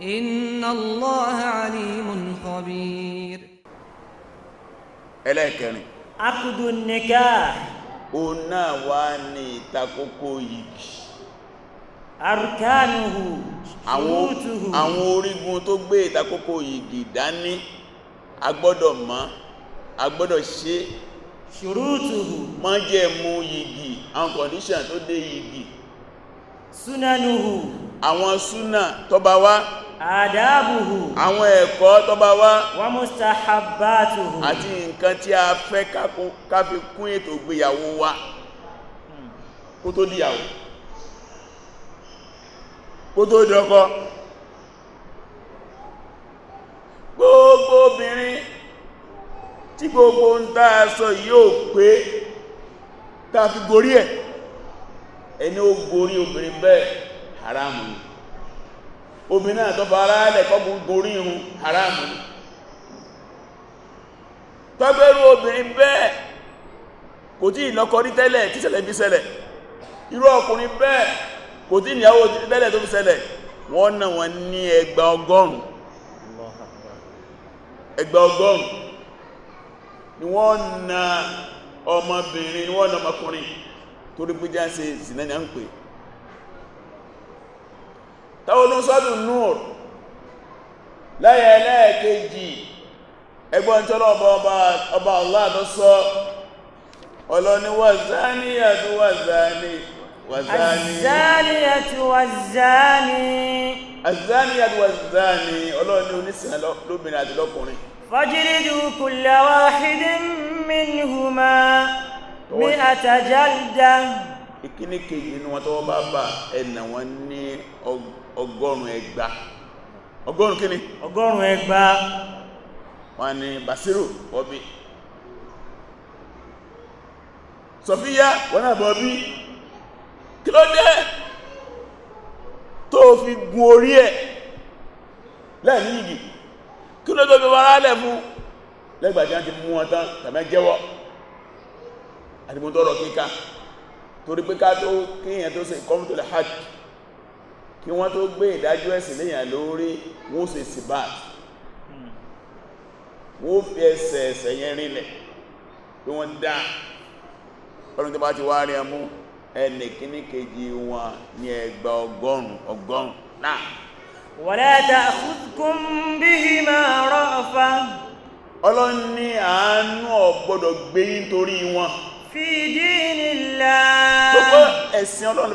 inna Allaha alimun khabir. ẹlẹ́ẹ̀kẹrin. akudu nikah. òun náà wá ní ìtakókó yìí. arkanuhu ṣùtùhù. àwọn orígun tó gbé ìtakókó yìí dání a gbọ́dọ̀ mọ̀ a gbọ́dọ̀ ṣe ṣùrútùhù mọ́ jẹ́ mú yìgì àwọn kọ̀díṣàn tó dé yìgì súnanuhù àwọn súnà tó bá wá àdáàbùhù àwọn ẹ̀kọ́ tó bá wá wọ́n mustahabbatuhu àti nǹkan tí a fẹ́ ká kún ètò wá hmm. kó tó díyàwó kó tó gbogbo obìnrin tí gbogbo ń tá sọ yóò pé tá fi gorí ẹ̀ ẹni ó gorí obìnrin bẹ́ẹ̀ haramu ni omi náà tó bá ara lẹ̀ gorí irun obìnrin bẹ́ẹ̀ kò tí ìlọ́kọ rí tẹ́lẹ̀ tí bí ṣẹlẹ̀ irú ọkùnrin bẹ́ẹ̀ kò tí ìyàwó tẹ́lẹ̀ tó bí ṣẹlẹ̀ wọ́n náà wọ́n ní ẹgbà ọgọ́rùn ẹgbà ọgọ́rùn ni ronú sọ́dún núr lẹ́yìn ẹlẹ́ẹ̀kejì ẹgbọ́n tí ọlọ́ọ̀bọ̀ ọba Allah tó sọ ọlọ́ni wàzániyàtú wàzáni wàzániyàtú wàzáni azániyàtú wàzáni ọlọ́ni onísìnà lóbìnrin àti lọ́kùnrin fajiridu kulla wahidin minhuma mi'ata jalda ìkíní kejì ni wọ́n tọ́wọ́ bá bá ẹ̀nà wọn ní ọgbọ̀n ọgọ́rùn ẹgbà ọgọ́rùn kíni ọgọ́rùn ẹgbà wọ́n ni Basiru bọ́bí Sọfíyá wọ́n náà bọ́bí kí ló dé tó fi gun orí ẹ̀ lẹ́ẹ̀ní ìgì kí ló tó fi wọ́n rálẹ̀ fún lẹ́gbàjá ti mú wọn tán tàbí jẹ́wọ́ àdìmọ́tọ́rọ̀ kíká torí pé ká tó kíyàn tó ṣe kọ́mùtò hajj kí wọ́n tó gbé ìdájọ́ ẹ̀sìn léyàn lórí wọ́n ṣe sibat hmm. wọ́n fi ẹsẹ̀ ẹsẹ̀ yẹn rinlẹ̀ pé wọ́n dá ọdún tó bá ti wá rí ẹmú ẹnì kíní kejì wọn ní ẹgbà ọgọ́rùn ọgọ́rùn náà wala ta'khudkum bihima ra'fa ọlọ́run ní àánú ọ̀gbọ́dọ̀ gbé nítorí wọn fi dinillahi tó kọ́ ẹ̀sìn ọlọ́run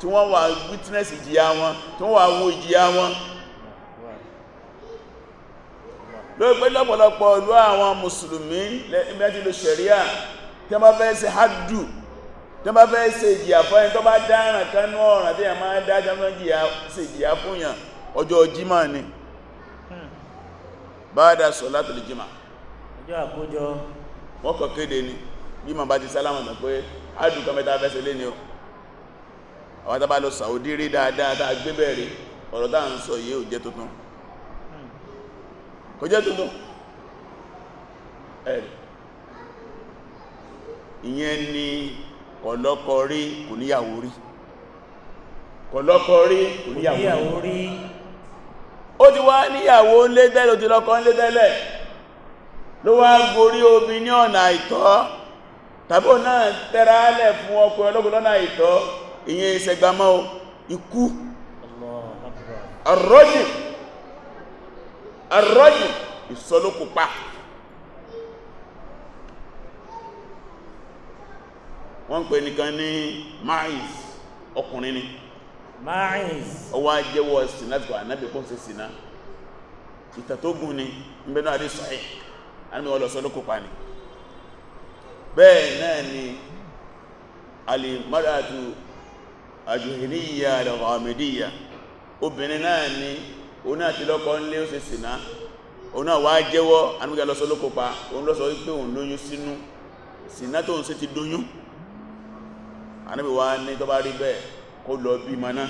tí wọ́n wà witness ìjìyà wọn tí wọ́n wà wo ìjìyà wọn lórí pé lọ́pọ̀lọpọ̀ ìlú àwọn mùsùlùmí lẹ́gbẹ́tí ló ṣẹ̀ríà tí wọ́n bá fẹ́ ṣe hadu tí wọ́n bá fẹ́ ṣe ìjìyà fún ẹni tó bá dáràn kánú ọ̀ràn tí wọ́n máa dájá fún ṣe ìjìyà fún yàn ọjọ́ jímà ni hmm. báadà sọ̀látùl jímà ọjọ́ àkójọ wọ́n kọ̀ kéde ni bí ma bá ti sálámà tàn pé hadu kan mẹ́ta fẹ́ ṣe lé ni o àwọn tàbá lọ Saudi rí dáadáa tàà gbé bẹ̀rẹ̀ ọ̀rọ̀ tàà ń sọ yìí ò jẹ́ tuntun kò jẹ́ tuntun ẹ̀rì ìyẹn ni kọ̀lọ́kọ rí kò níyàwó rí kọ̀lọ́kọ rí kò níyàwó rí ó ti wá níyàwó lé tẹ́lẹ̀ ó ti lọ́kọ lé tẹ́lẹ̀ ló wá gorí omi ní ọ̀nà àìtọ́ tàbí ò náà tẹ́ra álẹ̀ fún ọkọ̀ ọlọ́gbọ̀n lọ́nà àìtọ́ ìyẹn ìṣẹ̀gbàmọ́ ikú arọ́jì arọ́jì ìsọlókùpá wọ́n pè nìkan ní maïs ọkùnrin ni maïs ọwọ́ ajẹ́wọ́ sinna tí kò ànábì kó ṣe sinna ìtà tó gùn ni ìbẹ̀nà àdé sọ́ẹ̀ àmì ọlọ́sọlókùpá ni bẹ́ẹ̀ náà ni alìmọ́dájú àjòhìníyà àlọ́gàmìdíyà obìnrin náà ni o náà ti lọ́kọ ń lé ó sì sìná o náà wá jẹ́wọ́ anúgbà lọ́sọ lókópa òun lọ́sọ wípé òun lóyún sínú sìná tó ń sí ti dóyún anábì wá ní tó bá rí bẹ́ẹ̀ kó lọ bímọ náà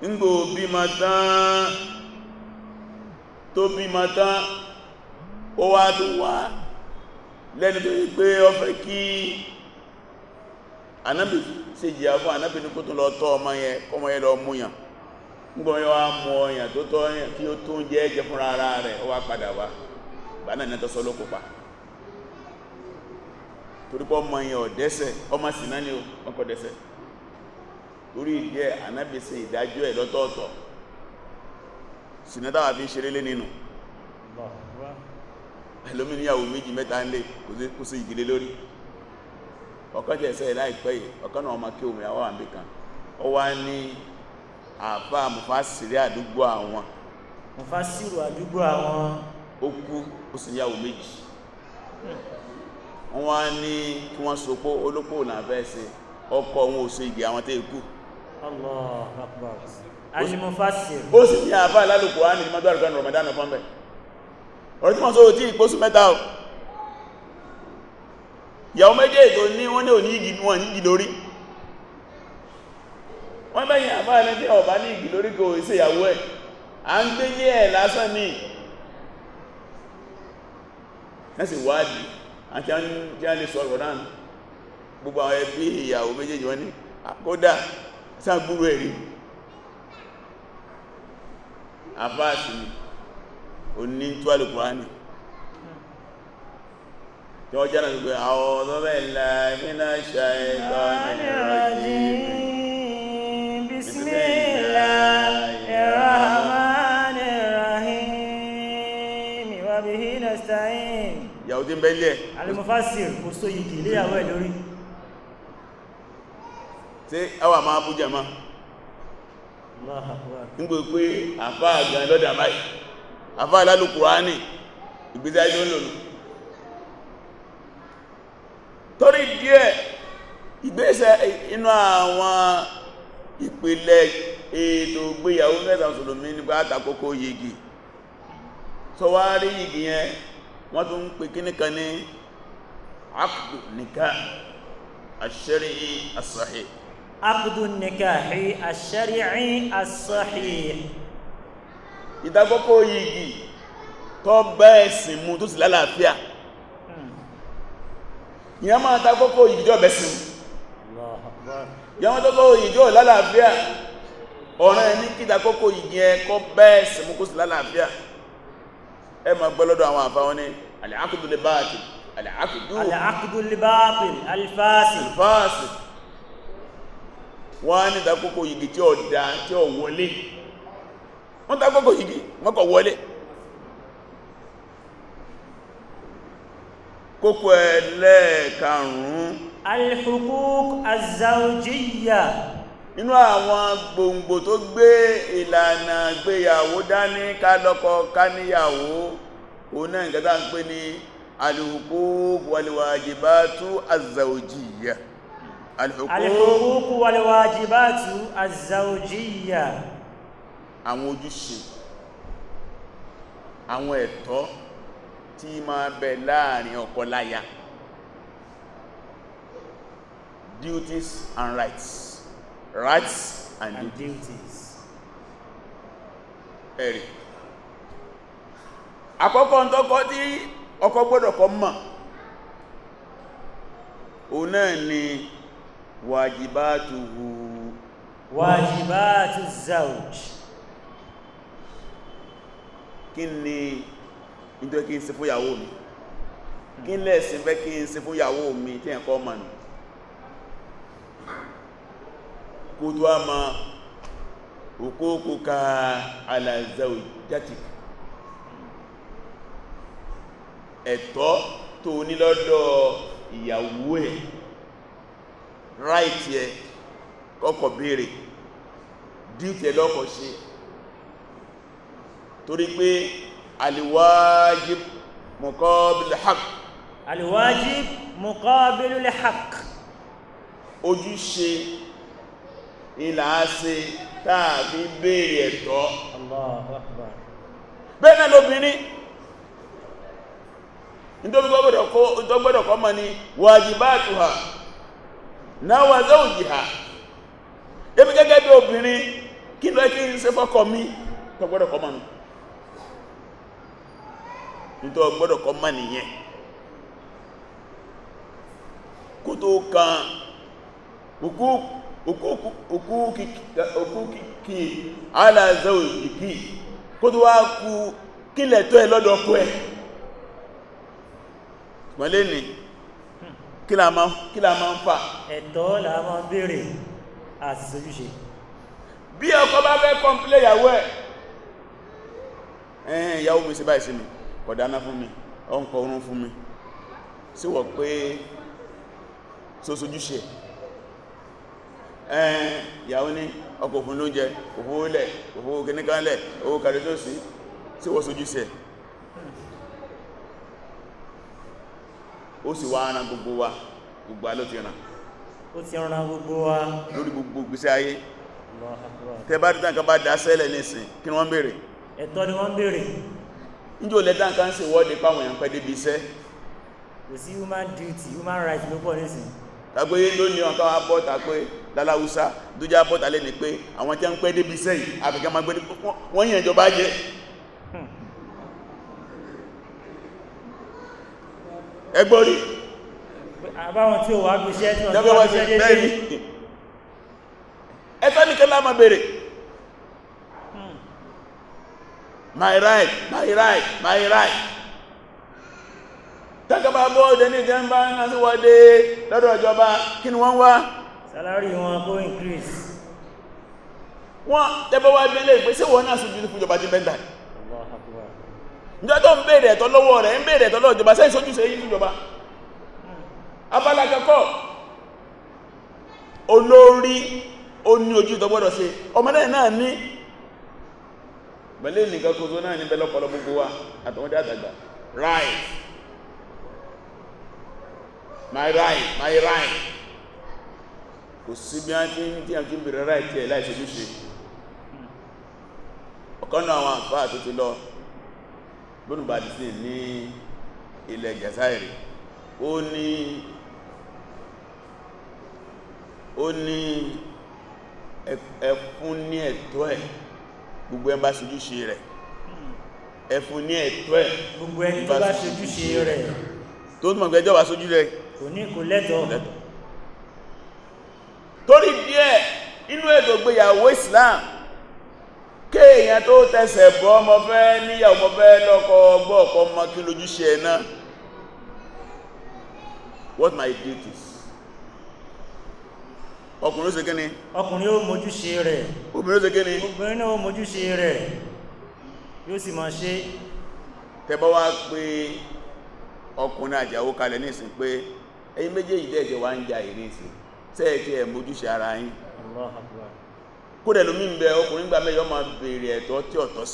nígbò bímọ tán tó bímọ tán ó wá tó wá lẹ́ni tó yí pé fẹ́ kí anabi sí ìjìyà fún anábì ní kó tó lọ tọ́ ọmọ yẹn kọmọ yẹn lọ mú yàn ngbọ́n yẹn wá mú ọyàn tó tọ́ yẹn kí ó tó ń jẹ́ fúnra ara rẹ̀ ó wá padà wá bá náà nẹ́tọ́ sọ lókò torí pé yẹn ọ̀dẹ́sẹ̀ ọmọ sì náà ni ọkọ̀ dẹ́sẹ̀ torí ìdí ẹ̀ ìdájọ́ ẹ̀ lọ́tọ̀ọ̀tọ̀ sinata fi ṣeré lé nínú méjì mẹ́ta ń lé ọ̀kan tí ẹ̀sẹ̀ láìpẹ́ yìí ọ̀kan náà ọmọ kí omi àwọn àmì kan ó wá ní àfá mufasiri àdúgbò àwọn mufasiru àdúgbò àwọn ó kú ó sì yàwó méjì wọ́n ní kí wọ́n sopó olópò náà fẹ́ ṣe ọkọ̀ wọn ò so igi àwọn tẹ́ ikú Allahu Akbar alimufasir ó sì ní àfá lálùkù wá ní mọ́gbàrùgbà Ramadan fọ́nbẹ̀ ọ̀rọ̀ tí wọ́n sọ ìyàwó méjèèjì tó ní wọ́n ní òní igi wọn ní igi lórí wọ́n bẹ́yìn àbá ẹni tí ọ̀bá ní igi lórí kò ìṣe ìyàwó ẹ̀ à ń gbé yẹ́ ẹ̀ lásán ní ẹ̀sì wádìí àti àjẹ́ sọ̀rọ̀ náà gbogbo àwọn ẹbí ìyàwó méjèèjì wọ́n ní àkódà sáàgbúrú ẹ̀rí àfáàsì ní oní tó alùkùránì tí wọ́n jẹ́nà gbogbo àwọn ọ̀dọ́bẹ̀ ilẹ̀ ìmìnà ṣe ẹ̀kọ́ ìrìnrìn bismillahirrahmanirrahim wa bihi nasta'in yàwó tí ń bẹ́lẹ̀ alimufasir kò só yìí léyàwó ẹ̀ lórí tí ẹwà máa bú jẹma ń gbé pé àfáà gan lọ́dà báyìí àfáà lálùkùránì ìgbésí ayé lónìí torí díẹ̀ ìgbésẹ̀ inú àwọn ìpìlẹ̀ ètò ìgbéyàwó mẹ́ta mùsùlùmí nípa àtàkókò yìgì tó wá rí yìgì yẹn wọ́n tún pè kíníkan ní akdu nikah ash-shar'i as-sahih akdu nikah ash-shar'i as-sahih tó bá ẹ̀sìn mu tó sì lálàáfíà ìyẹn máa ta kókó ìjọ bẹ̀sìn ìyẹn máa ta kókó ìjọ lálàáfíà ọ̀ràn ẹni kíta kókó ìyẹn kọ́ bẹ́ẹ̀sì mú kó sí lálàáfíà ẹ máa gbọ́ lọ́dọ̀ àwọn àfáwọn ní al-aqdu al-batil al-aqdu al-aqdu al-batil al-fasid al-fasid wọ́n ní ta kókó yìí tí ó dá tí ó wọlé wọ́n ta kókó yìí wọ́n kọ̀ wọlé koko ẹlẹ́ẹ̀karùn-ún alhuquq azawjiyya inú àwọn gbòǹgbò tó gbé ìlànà gbéyàwó dání ká lọ́kọ ká níyàwó òun náà nǹkan tá ń pè ní alhuquq walwajibatu azawjiyya alhuquq walwajibatu azawjiyya àwọn ojúṣe àwọn ẹ̀tọ́ tí máa bẹ láàrin ọkọ láya duties and rights rights and, and duties ẹ̀rì àkọ́kọ́ tọ́kọ́ tí ọkọ gbọ́dọ̀ kọ mọ̀ òun náà ni wàjìbátuhu wàjìbátuzauj kí ni nítorí kí n ṣe fóyàwó mi kí n lẹ́ẹ̀sìn fẹ́ kí n ṣe fóyàwó mi tí ẹ̀kọ́ ọmọ nì kó tó a ma òkóòkó ka alàzẹ̀wò játì ẹ̀tọ́ tó ní lọ́dọ̀ ìyàwó ẹ̀ ráìtì ẹ̀ kọ́kọ̀ béèrè díìtì lọ́kọ̀ ṣe torí pé alìwájib mọ̀kọ́bílì haq alìwájib mọ̀kọ́bílì haq ojúṣe ìlàáṣe tàbí béèrè ẹ̀tọ́ bẹ́ẹ̀nà lóbìnrin ìtọ́gbọ́dọ̀ kọ́ mọ́ ni wàjìbáàtùhà náà wà zawjiha èmi gẹ́gẹ́ bí obìnrin kí lọ kí n ṣe fọ́kọ mi tọ́gbọ́dọ̀ kọ́ mọ́ ni nítorí ọgbọ́dọ̀ kọ́ mọ̀ nìyẹn kó tó kan òkúkìkì aláàzẹ́ òjìkì kó tó wá kú kílẹ̀ tó ẹ lọ́dọ̀ ọkọ ẹ̀ mọ́lé ni kí la máa ń fà ẹ̀tọ́ la máa ń béèrè àṣìṣojúṣe bí ọkọ bá fẹ́ kọ́m̀pílẹ̀ ìyàwó ẹ̀ ẹ̀yìn ìyàwó mi ṣe báyìí sí mi kọ̀dáná fún mi ọkọ̀ orún fún mi sí wọ̀ pé tó sojúṣe ẹn ìyàwó ní ọkọ̀ òfin ló jẹ òfówó lẹ̀ òfówó kìníkanlẹ̀ owó kàrí tó sí sí sojúṣe ó sì wá ara gbogbo wa gbogbo aló ti gbogbo wa lórí gbogbo ayé bá dìtàn kan bá kí wọ́n ni wọ́n níjò lẹ́tà ń kàn sí ìwọ́de èèyàn pẹ́ débi iṣẹ́ kò sí human duty human rights, ló pọ̀ nísìn tàgbé lónìí ọ̀kan wá bọ́ta pé láláwúsá dújá bọ́ta lé ní pé àwọn tí a ń pẹ́ débi iṣẹ́ yìí àfikẹ́ máa gbé wọ́n yẹn jọba jẹ́ ẹgbọ́rí àbáwọn tí ó wà gbíṣẹ́ tí wọ́n tó wà gbíṣẹ́ my right my right my right tẹ́kọ̀ọ́ bọ́ọ̀dẹ̀ ní ìjẹmbá náà sí wọ́dé lọ́dọ̀ ìjọba kí ni wọ́n wá salary wọn kó increase wọ́n tẹ́bọ́ wá bẹ́lẹ̀ ìpèsè wọ́n náà sójú fún ìjọba jíbẹ́ndà ìjọ tó ń bèèrè ẹ̀tọ́ lọ́wọ́ rẹ̀ ń bèèrè ẹ̀tọ́ lọ́wọ́ ìjọba sẹ́yìn sójú sẹ́yìn ìjọba abala kẹ́kọ́ olórí ó ní ojú ìtọ́gbọ́dọ̀ sí ọmọdé náà ní pẹ̀lú nìkan kò tó náà ní bẹ́lọ́pọ̀lọ́ gbogbo wa àtọmọdé àtàgbà right my right my right kò sí bí a ti ń tí a ti ń bèèrè right ẹ̀ láìsẹ̀ ojúṣe ọ̀kan náà àwọn àfáà tó ti lọ gbónúbà ti sí ní ilẹ̀ Jazairi ó ní ó ní ẹ̀fún ní ẹ̀tọ́ ẹ̀ gbogbo hmm. ẹ bá ṣojúṣe rẹ̀ ẹ ní ẹ̀tọ́ ẹ̀ gbogbo ẹni tó bá ṣojúṣe rẹ̀ tó túnmọ̀ gbẹjọ́ bá ṣojú rẹ̀ kò ní kò lẹ́tọ̀ọ́ torí díẹ̀ inú ètò gbéyàwó Islam kéèyàn tó tẹsẹ̀ bọ́ ọmọ fẹ́ níyàwó ọmọ fẹ́ lọ́kọ ọgbọ́ ọ̀pọ̀ ọmọ kí lójúṣe ẹ̀ náà what my duties ọkùnrin ó ṣe ọkùnrin ó rẹ. rẹ̀ obìnrin ó ṣe kíni obìnrin náà ó rẹ̀ yóò sì máa ṣe wá pé ọkùnrin àjàwó kalẹ̀ nísìn eyi meje ìsìn ara ọkùnrin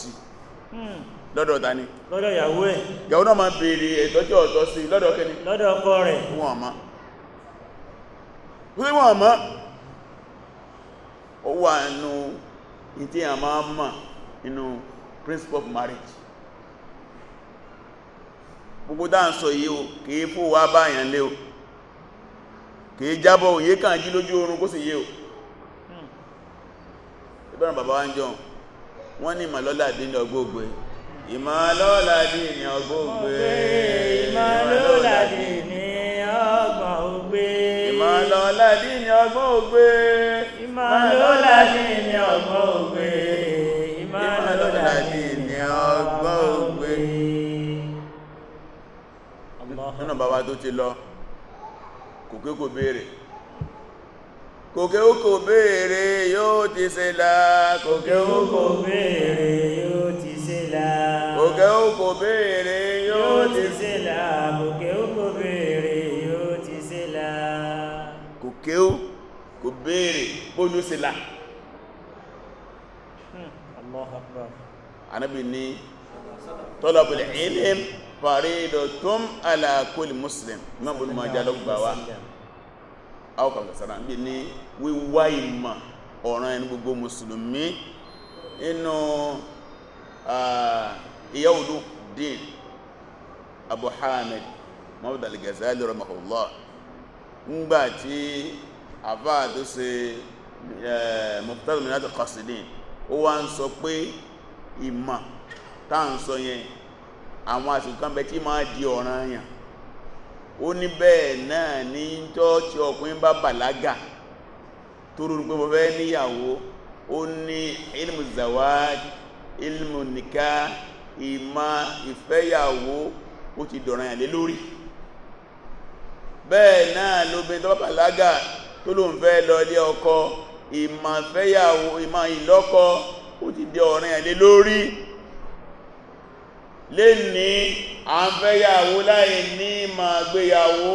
lọ́dọ̀ ta lọ́dọ̀ ìyàwó ẹ̀ ìyàwó náà máa béèrè ẹ̀tọ́ tí ọ̀tọ́ sí lọ́dọ̀ lọ́dọ̀ ó wà nínú ìtí à máa mọ̀ nínú principle of marriage gbogbo dáa ń sọ yìí o kìí fò wá báyàn lé o kìí jábọ̀ òye kàn lójú oorun kó sì yé o ìbẹ̀rẹ̀ bàbá wá ń jọ wọ́n ní ìmọ̀lọ́lá dín ní ọgbógbé ìmọ̀lọ́lá dín ní ọgbógbé ìmọ̀lọ́lá dín lọ́ládì ní ọgbọ́n ògbé ìmọ̀ lọ́ládì ní ọgbọ́n ògbé ìmọ̀ lọ́ládì ní ọgbọ́n ògbé nínú bàbá tó ti lọ kòkè kò béèrè kòkè ó kò béèrè yóò ti ṣe là kòkè ó kò béèrè yóò ti ṣe là kòkè ó kò béèrè yóò ti ṣe là kòkè béèrè bóyú sí la anábì ní talabul ilm faridatun ala kulli muslim náà bó ní máa jálọ́ gbà wá àwọn kàmsàrà ń bí ní wíwá ìmọ̀ ọ̀ràn ẹni gbogbo mùsùlùmí inú ìyáwòdó dín Abu Hamid Muhammad al-Ghazali rahimahullah ngbàtí àfáà tó ṣe mọ̀tàlù mìíràn kọsìdín ó wá ń sọ pé ìmọ̀ tá ń sọ yẹn àwọn àṣùkán bẹ tí máa di ọ̀ràn yàn ó ní bẹ́ẹ̀ náà ní ọkùnrin bá bàlágà tó pé mo fẹ́ níyàwó ó ní ilmu zawaj ilmu nika ìmọ̀ ìfẹ́yàwó ó ti dọ̀ràn yàn lé lórí bẹ́ẹ̀ náà tó ló ń fẹ́ lọ ilé ọkọ ìmà fẹ́yàwó ìmà ìlọ́kọ ó ti dé ọ̀rìn ẹ̀lẹ́ lórí lè ní à ń fẹ́yàwó láì ní ìmà gbéyàwó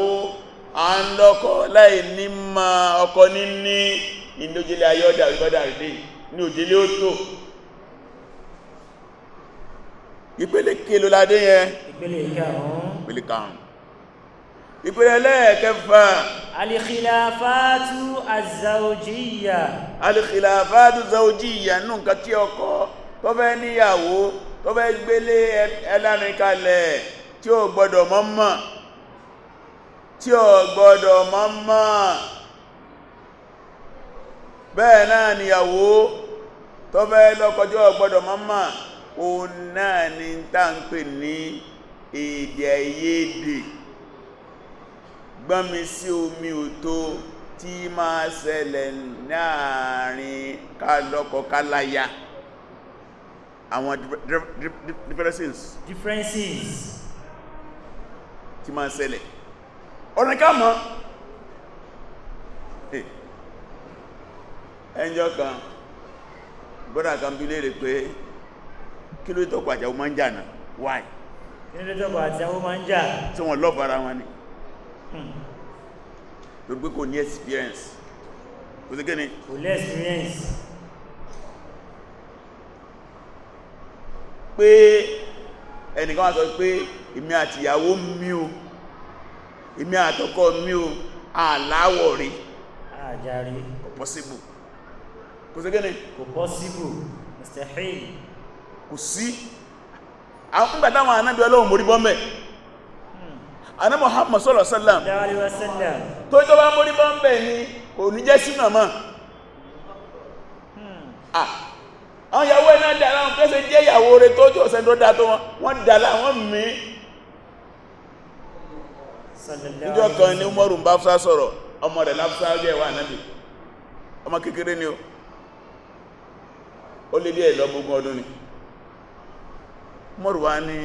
à ń lọ́kọ láì ní ma ọkọ níní ìlójílé ayọ́dà ìbọ́dà ìdí ní òjílé ó tó ìpele kí ló ládé yẹn ìpele karùn ìpínlẹ̀ lẹ́ẹ̀kẹfà alìkìláfàátù àzàòjíyà alìkìláfàátù àzàòjíyà nù nǹkan tí ọkọ tó fẹ́ níyàwó tó fẹ́ gbélé ẹlẹ́rìnkalẹ̀ tí ó gbọ́dọ̀ mọ́mọ́ tí ó gbọ́dọ̀ mọ́mọ́ bẹ́ẹ̀ náà níyàwó tó fẹ́ tí ó gbọ́dọ̀ mọ́mọ́ òun náà ni tá ní èdè àìyedè gbọ́nmi sí omi òtó tí máa ṣẹlẹ̀ láàrin kálọ́kọ káláyà àwọn differences differences tí máa ṣẹlẹ̀ ọ̀rìn ká mọ́ ẹjọ́ kan brother kan bí léèrè pé kí ló tọ́pọ̀ àjẹ́ ọmọ ń jà náà why kí ló tọ́pọ̀ àjẹ́ ọmọ ń jà tí wọ́n lọ́bàá ara wọn ni hmm tó gbé kò ní experience kò sí gẹ́ni kò lẹ́ experience pé ẹnìkan wá sọ pé èmi àti ìyàwó mi o èmi àtọkọ mi o àláwọ̀ rí àjárí kò possible kò sí gẹ́ni kò possible mustahil kò sí àwọn ìgbàtàwọn anábí ọlọ́run morí bọ́m̀bẹ̀ anábí hmm. Muhammad sallallahu alaihi wasallam tó tó bá mórí bọ́ ń bẹ̀ ni kò ní jẹ́ sí màmá hmm. ah, àwọn ìyàwó ẹ̀ náà wọn pẹ́sẹ̀ jẹ́ ìyàwó tó dá tó wọn wọ́n dára wọn mí níjọ́ kan Umaru ń bá fúsá sọ̀rọ̀ ọmọ rẹ̀ láfúsá jẹ́ iwe ànábì ọmọ kékeré ni o ó lé lọ gbogbo ọdún ni Umaru wá ní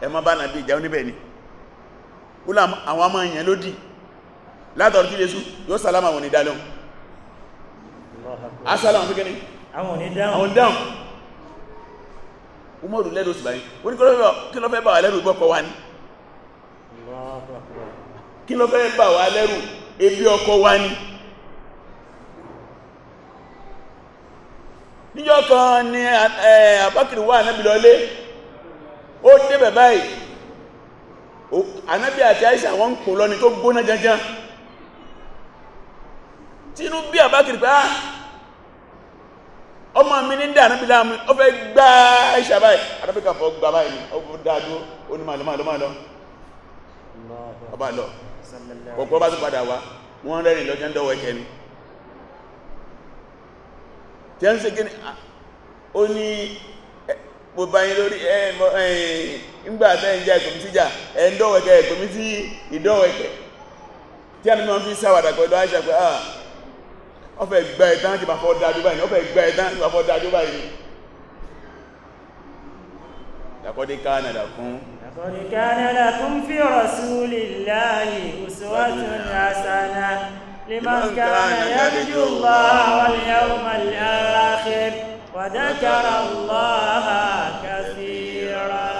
ẹ má bá nàbí ìjà oníbẹ̀ ni àwọn ọmọ èèyàn ló dì látọ̀rọ̀ kí Jésù yóò sàlámà wọn ní dáadọ́ asálàmù fi kíní àwọn onídáhùn umaru lẹ́rù sí báyìí wọ́n ni kí ló fẹ́ bà wà lẹ́rù gbọ́kọ̀ wa ní kí ló fẹ́ bà wà lẹ́rù ebi ọkọ̀ wá ní níjọ́ kan ni àbákìrì wà náà bí ó débẹ̀ báyìí anábí àti àìsà wọ́n ń kò lọ ni tó gbóná janjan tínú bí àbákìrì pé á ah, ọmọ mi ní dà náà láàmú ó fẹ́ gbá àìsà báyìí arábíkà fọ́ gbá báyìí ó fọ́ dáadó ó ní màlọ́ màlọ́ màlọ́ ọba lọ ọ̀pọ̀ bá tún padà wá wọ́n rẹ́rìn lọ jẹ́ndọ́wọ́ ẹ̀kẹ́ ni tí a ń se gíní ó ní mo bá yín lórí ńgbà tẹ́ ń jẹ́ ẹ̀kùn tíjà ẹ̀ ń dọ́wẹ̀kẹ́ ẹ̀kùn mi tí ìdọ́wẹ̀kẹ́ tí a ní mọ́ fi sáwàdà pẹ̀lú àṣà pé ah ọfẹ́ gbẹ́ ẹ̀tán ti bá fọ́ dájú báyìí ọfẹ́ gbẹ́ ẹ̀tán ti bá fọ́ dájú báyìí لقد كان لكم لقد كان لكم في رسول الله أسوة حسنة لمن كان يرجو الله واليوم الآخر وذكر الله كثيرا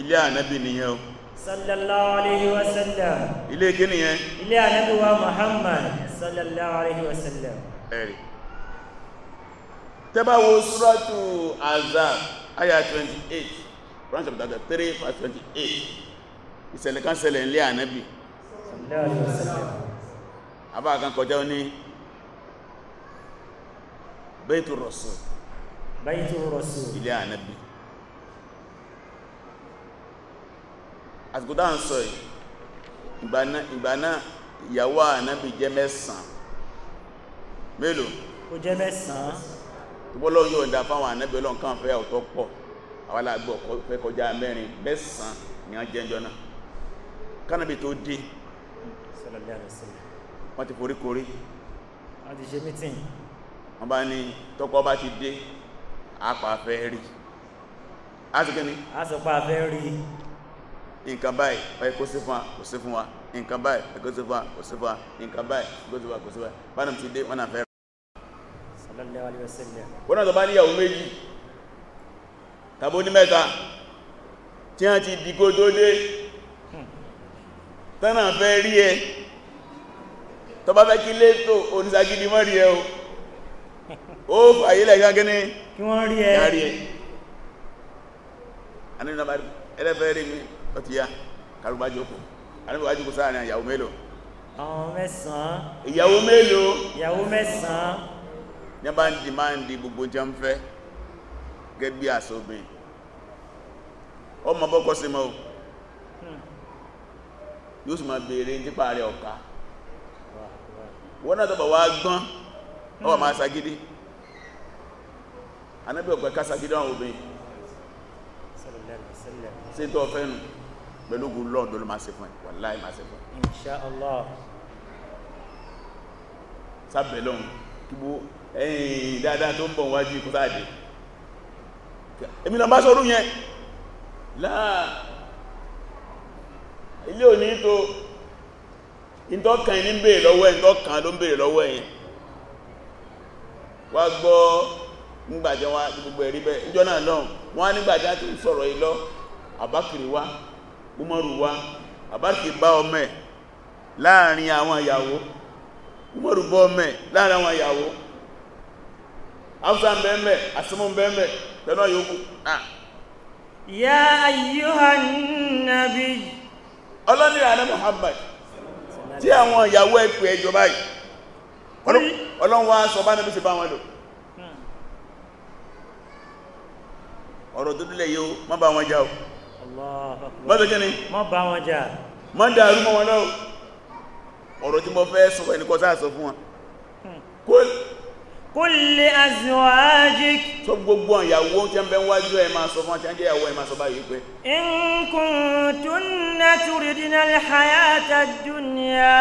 ilé ànábì nìyẹn o sallallahu alayhi wa sallam ilé kí nìyẹn ilé ànábì wa muhammad sallallahu alayhi wa sallam ẹ̀rì tẹ́bá wo suratu azab aya 28 branch of dada 3 verse 28 ìṣẹ̀lẹ̀ kan ṣẹlẹ̀ ilé ànábì sallallahu alayhi wa sallam abá kan kọjá ní Baitul rasul Baitul rasul ilé ànábì àsìkò dáa ń sọ ìgbà náà ìyàwó ànábì jẹ́ mẹ́sàn mélòó ó jẹ́ mẹ́sàn ìwọ́lọ́ yóò dá fáwọn ànábì ọlọ́n kan fẹ́ ọ̀tọ́ pọ̀ àwọn alágbọ̀ fẹ́ kọjá mẹ́rin mẹ́sàn ní a jẹ́ jọna kánàbì tó dé wọ́n ti forí korí wọ́n ti ṣe mítìn wọ́n bá ní tọ́kọ bá ti dé apàfẹ́ rí asìkí ni asìpàfẹ́ rí nǹkan báyìí ọ̀yẹ́ kó sí fún wa kò sí fún wa nǹkan báyìí ọ̀yẹ́ kó sí fún wa kò sí fún wa nǹkan báyìí kó sí fún wa kò sí fún wa bánàm ti dé wọ́n àfẹ́ wọ́n hmm. náà fẹ́ rí ẹ tó fẹ́ kí lé tó onísagídí mọ́ rí o ó fàyílẹ̀ gágẹ́ ní kí wọ́n rí ẹ yàrí ẹ anínú bá ẹlẹ́fẹ́ rí mi ó ti yá karùbá jókòó anínú bá jókòó sáàrin ìyàwó mélòó àwọn mẹ́sàn-án ìyàwó mélòó ìyàwó mẹ́sàn-án ní bá ń di máa ń di gbogbo jẹ́ ń fẹ́ gẹ́ bí àsóbin ọmọ bọ́kọ́ sí mọ́ hmm. yóò sì máa bèèrè nípa rẹ̀ ọ̀ka wọ́n náà tọ́bọ̀ anábì ọ̀pẹ́ kásagídá àwọn obìnrin sí tó ọ̀fẹ́ nù pẹ̀lú ogun lọ́ọ̀dọ́ ló máa ṣe fún ẹ̀ wàláhì máa ṣe fún ẹ̀ insha Allah sábẹ̀ lọ́hùn kí bó ẹ̀yìn dáadáa tó ń bọ̀ wájú ikú sáàdé èmi náà bá sọ́rú yẹn láà ilé òní tó ìntọ́kàn ní ń bèèrè lọ́wọ́ ẹ̀ ìntọ́kàn ló ń bèèrè lọ́wọ́ ẹ̀yìn wá gbọ́ nígbàjẹ́ wá gbogbo ẹ̀rí bẹ́ẹ̀ ìjọ náà lọ́n wọ́n nígbàjẹ́ tó ń sọ̀rọ̀ ìlọ wá wá bá ọmọ ẹ̀ láàrin àwọn ìyàwó umaru bá ọmọ ẹ̀ láàrin àwọn ìyàwó afsan ya ọlọ́ni muhammad tí àwọn ìyàwó ẹjọ báyìí ọlọ́run wá sọ bá ọ̀rọ̀ tó dúlẹ̀ yóò má bá wọn jà o má tó kíni má bá wọn jà má dàrú mọ́ wọn náà ọ̀rọ̀ tí mo fẹ́ sọ ẹni kọ́ sáà sọ fún wọn kulli azwajik sọ gbogbo ìyàwó tí a ń bẹ wájú ẹ máa sọ fún àti àjẹ́ ẹ máa sọ báyìí pé in kuntunna turidna al-hayata ad-dunya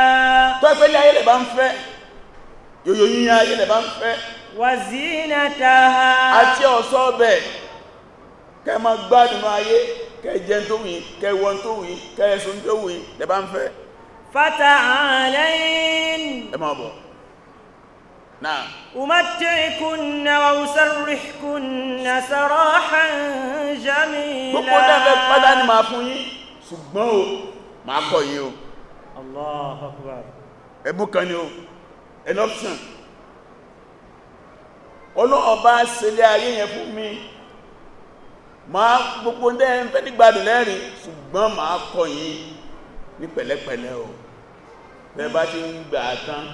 tó ẹgbẹ́ ilé ayé bá ń fẹ́ yóyó yíyan ayé bá ń fẹ́ wa zinataha àti ọ̀ṣọ́ bẹ́ẹ̀ kẹ ma gbádùn ayé kẹ jẹ tó wùí kẹ wọ́n tó wùí kẹ ẹ̀sùn tó wùí lẹ́bá ń fẹ́ fata alayin ẹ ma bọ̀ náà umattikunna wa usarrihkunna sarahan jamila gbogbo dẹ́fẹ́ pátá ni máa fún yín ṣùgbọ́n o máa kọ̀ yín o Allahu Akbar kan ni o an option ọlọ́ọ̀bá sílé ayé yẹn fún mi máa gbogbo ń dẹ́ fẹ́ nígbàdùn lẹ́rìn ṣùgbọ́n máa kọ yìí ní pẹ̀lẹ́pẹ̀lẹ́ o bẹ́ẹ̀ bá ti ń gbà tán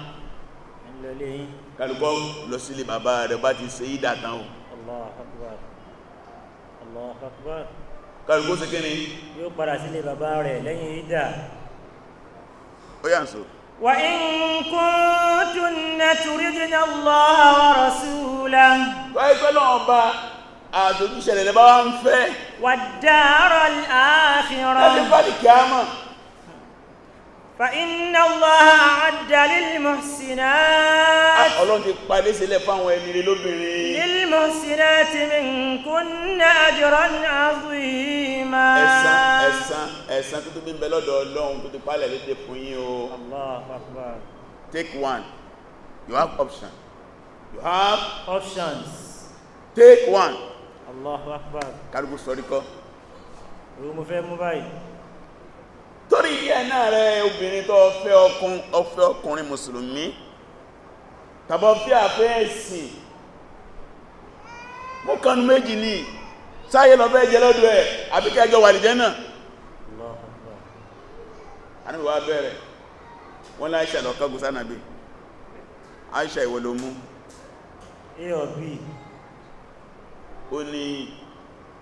kálukọ́ lọ sílé bàbá rẹ̀ bá ti ṣe ìdà tán o Allahu Akbar Allahu Akbar kálukọ́ sí kí yóò padà sílé bàbá rẹ̀ lẹ́yìn ìdà ó yà ń so wa in kuntunna turidna Allah wa àtòjúṣẹlẹ̀ lẹ́bá wá ń fẹ́ wà dáàrọ̀ ààfihàn láti fàdí kìámà fa iná lọ́ha àdàlì mọ̀síná ọlọ́run ti palé sílẹ̀ fáwọn ẹni rẹ̀ lóbìnrin ilmọ̀síná ti mi kún ní àjọrọ̀ àzúyìmá ẹ̀sán ẹ̀sán ẹ̀sán tó bí bẹ lọ́dọ̀ ọlọ́run tó ti palẹ̀ lédè fún yín o take one you have option you have options take one Allahu akbar kálukú sọrí kọ́ òun mo fẹ́ mú báyìí torí ilé ẹ̀ náà rẹ obìnrin tó fẹ́ ọkùn ọfẹ́ ọkùnrin mùsùlùmí tàbọ̀ fí àfẹ́ ẹ̀sìn mú kanu méjì ní sáyé lọ fẹ́ jẹ lọ́dọ̀ ẹ̀ àbíkẹ́jọ wà lìjẹ́ náà anábíwá bẹ̀rẹ̀ wọ́n láìṣẹ̀ lọ́kọ́gùn sánàbí Aisha ìwọ̀lómú ó ní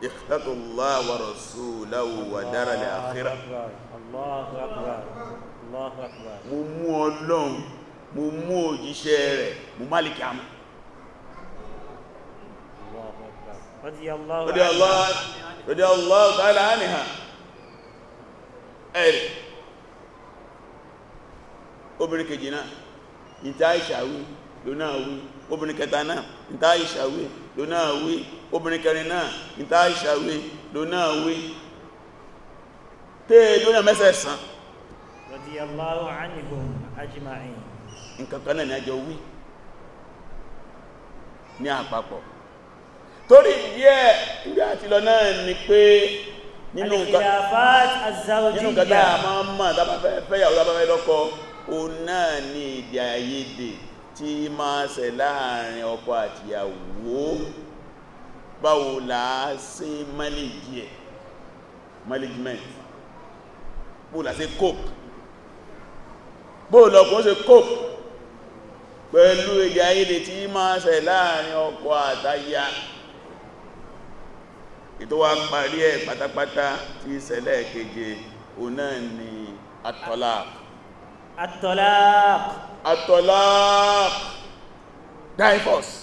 ikhtatullah wa rasulahu wa daral akhirah mo mú ọlọ́run mo mú òjíṣẹ́ rẹ̀ mo má lè kí a mú radiyallahu ta'ala anha ẹ̀rẹ̀ obìnrin kejì náà ìta ìṣàwí lónáà wí obìnrin kẹta náà níta ìṣàwé ló náà wí obìnrin kẹrin náà níta ìṣàwé ló náà wí tẹ́ lónà mẹ́sẹ̀sán radiyallahu anhum ajma'in nǹkan kan náà ni àjọ wí ní àpapọ̀ torí díẹ̀ ibi àti lọ náà ni pé nínú nǹkan tá a máa ń mọ̀ tá a bá fẹ́yàwó tá tí máa ṣẹ̀ láàrin ọkọ àtìyàwó báwo làá ṣe mẹ́lẹ̀jì ẹ̀ management bóòlà ṣe cope bóòlà ọkọ̀ ṣe cope pẹ̀lú ìjà ilẹ̀ tí máa ṣẹ̀ láàrin ọkọ àtàyà ètò wa parí ẹ̀ pátápátá tí ìṣẹ̀lẹ̀ keje òun náà ni atọ́láàkù atọ́láàkù atọlaq divorce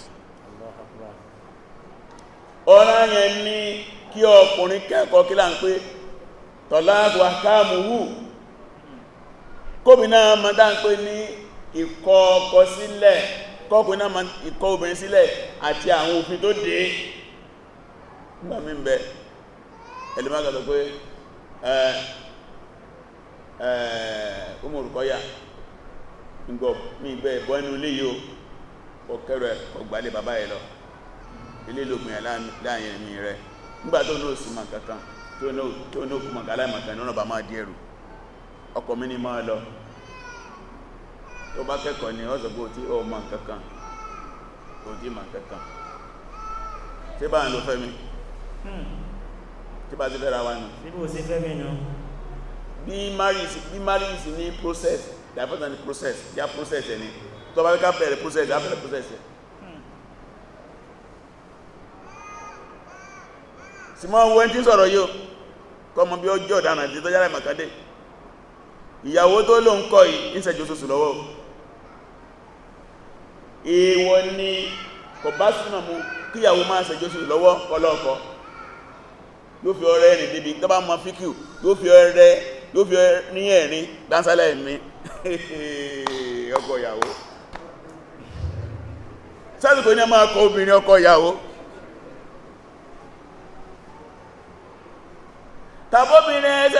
ọ̀rọ̀ yẹn ní kí ọkùnrin kẹ́kọ̀ọ́ kí là ń pé tọ̀láàkù kóbi náà ma dá ní ìkọ ọkọ sílẹ̀ kọ́kùn náà ma ìkọ obìnrin sílẹ̀ àti àwọn òfin tó dé gbà ìgbẹ́ ìbọn ẹnu ilé yóò ó kẹ́rọ baba ọgbàlé bàbá ẹ̀ lọ ilé lóògùn ẹ̀ láàrin ẹ̀mí rẹ̀ nígbà tó náà sì máa kankan tó náà kú màkà aláìmọ̀kan náà bá máa di ẹrù mi ni máa lọ tó bá kẹ́kọ̀ọ́ ni ọ̀sọ̀gbọ́ tí ó máa kankan kò tí máa kankan tí bá ń lo fẹ́mi tí bá ti fẹ́ra wa nù bí marriage ní process they are part of the process their eh, process ẹni tó bá ká bẹ̀rẹ̀ process their bẹ̀rẹ̀ process ẹ. Eh? simon wo ẹni tí ń sọ̀rọ̀ yìí o kọ́ mọ bí ọjọ́ ọ̀daràn àti tọ́jà láì màkàdé ìyàwó tó ló ń kọ́ yìí ń ṣẹ̀jọ́ oṣooṣù lọ́wọ́ èèwọ̀ ni kò bá súnà mú kíyàwó máa ṣẹ̀jọ́ oṣooṣù lọ́wọ́ kọlọ́ọ̀kọ́ yóò fi ọrẹ rìn débi tó bá mọ fíkìú yóò fi ọrẹ ló fi ní ẹ̀rin dánsálẹ̀ mi ọkọ ìyàwó sásìkò ní máa kọ obìnrin ìyàwó tàbóbìnrin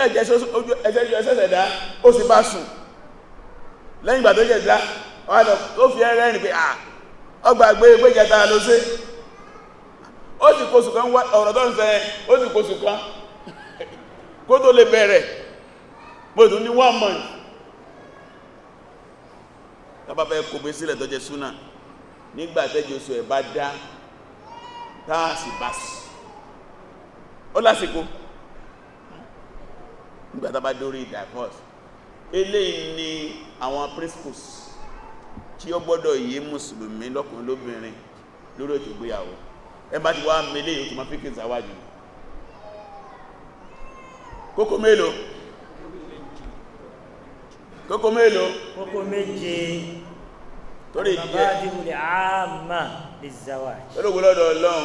dá ó sì bá sùn lẹ́yìn ìgbà tó jẹ́ dá ó fi pé à ọgbà gbé ló sí ó sì kan ọ̀rọ̀ tó ń ó sì kan kó tó bẹ̀rẹ̀ mo tún ní one month tàbá fẹ́ kò gbé sílẹ̀ tó jẹ súnà nígbà tẹ́jọ oṣù ẹ̀ bá dá táàsì bá sí ó lásìkò nígbà tá bá dórí divorce eléyìí ni àwọn principles tí ó gbọ́dọ̀ yé mùsùlùmí lọ́kùnrin lóbìnrin lórí ètò ìgbéyàwó ẹ bá ti wá mẹ́lẹ̀ tó máa fi kókó mélòó kókó mélòó kókó méje torí ìdí ẹ̀ mabadihul amma lizzawaj olóògbòlọ́dọ̀ ọlọ́run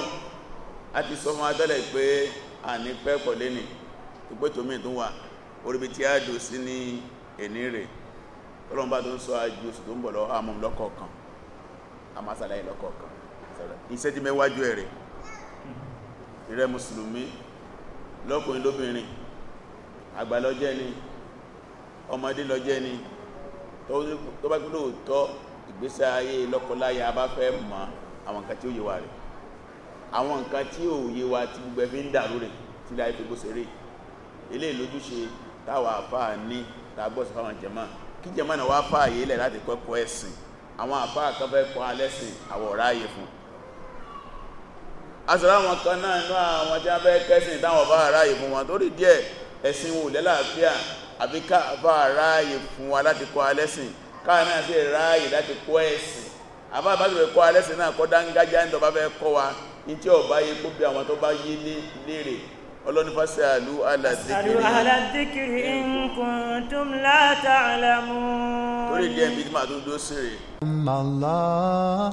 a ti sọ fún adọ́lẹ̀ pé a ní pẹ́ pọ̀ lẹ́nì ìgbé tó mìí tó wà oríbi tí a dò sí ní ẹni rẹ̀ ọlọ́run bá tó ń sọ ajú oṣù tó ń bọ̀ lọ àmú lọ́kọ̀ọ̀kan a máa sàlàyé lọ́kọ̀ọ̀kan iṣẹ́ tí mẹ́wájú ẹ̀ ìrẹ́ mùsùlùmí lọ́kùnrin lóbìnrin àgbàlọ́jẹ́ ni ọmọdé lọ́jẹ́ ni tó bá gbúlò tọ́ ìgbésẹ̀ ayé lọ́kọláya bá fẹ́ mọ̀ àwọn nǹkan tí ó yé wa rẹ̀ àwọn nǹkan tí ó yé wa tí gbogbo ẹ̀fí ń dàrú rẹ̀ tí láì fi gbó seré ilé ìlójúṣe táwa àfáà ní tàgbọ́sí fáwọn jàmá kí jàmá náà wá fààyè lẹ̀ láti kọ́kọ́ ẹ̀sìn àwọn àfáà kan fẹ́ kọ́ alẹ́sìn àwọ̀ ráyè fún asọ̀rọ̀ àwọn kan náà inú àwọn tí wọ́n fẹ́ kẹ́sìn táwọn bá ráyè fún wọn torí díẹ̀ ẹ̀sìn wò lẹ́làáfíà àbí káàbà ráyè fún wa láti kọ́ alẹ́sìn káà náà ráyè láti kọ́ ẹ̀sìn àbá bá ti kọ́ alẹ́sìn náà kọ́ dángájá ń tọba fẹ́ kọ́ wa ní tí ọba yé gbóbi àwọn tó bá yé léèrè ọlọ́ni fásitì àlú alàdíkiri Allah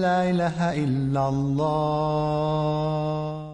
la ilaha illallah